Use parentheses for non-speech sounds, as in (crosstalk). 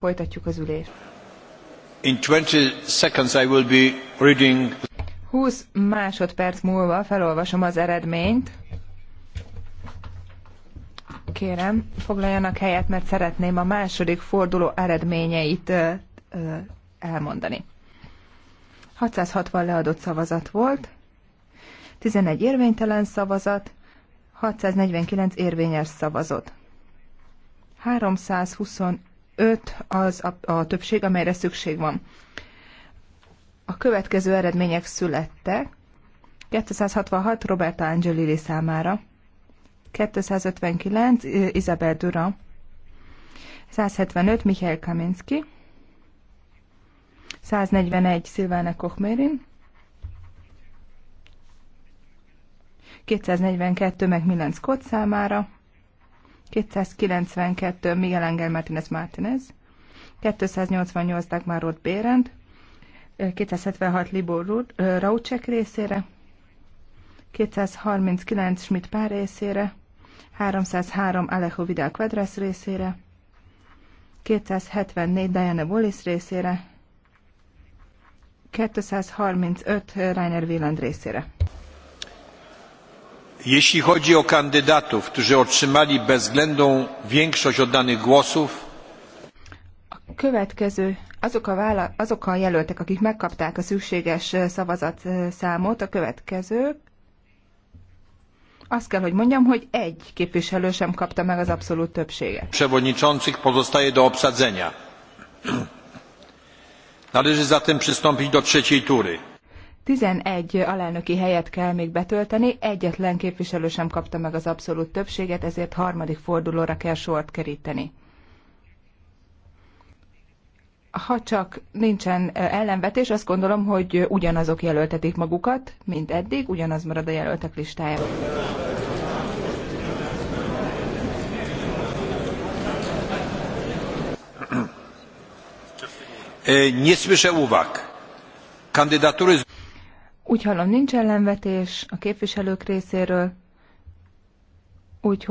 Folytatjuk az ülést. In 20 seconds I will be reading 20 másodperc múlva felolvasom az eredményt. Kérem, foglaljanak helyet, mert szeretném a második forduló eredményeit ö, ö, elmondani. 660 leadott szavazat volt, 11 érvénytelen szavazat, 649 érvényes szavazott. 320 öt az a, a többség, amelyre szükség van. A következő eredmények születtek. 266 Roberta Angelilli számára, 259 Isabel Dura, 175 Michael Kaminski, 141 Szilvána Kochmérin, 242 Macmillan Scott számára, 292 Miguel Angel Martínez Martínez, 288 Dagmar Roth Bérend, 276 Libor Rud Raucsek részére, 239 Schmidt Pár részére, 303 Alejo Vidal Quadras részére, 274 Diana Wallis részére, 235 Rainer Wieland részére. Jeśli chodzi o kandydatów, którzy otrzymali bezwzględną większość oddanych głosów, a következő azok a, vála, azok a jelöltek, akik megkapták a szükséges e, szavazatszámot, e, a következők. Azt kell, hogy mondjam, hogy egy képviselő sem kapta meg az abszolút többséget. Przewodniczących pozostaje do obsadzenia. (clears throat) Należy zatem przystąpić do trzeciej tury. 11 alelnöki helyet kell még betölteni, egyetlen képviselő sem kapta meg az abszolút többséget, ezért harmadik fordulóra kell sort keríteni. Ha csak nincsen ellenvetés, azt gondolom, hogy ugyanazok jelöltetik magukat, mint eddig, ugyanaz marad a jelöltek listája. Nie słyszę uwag. Kandydatury úgy hallom, nincs ellenvetés a képviselők részéről, úgyhogy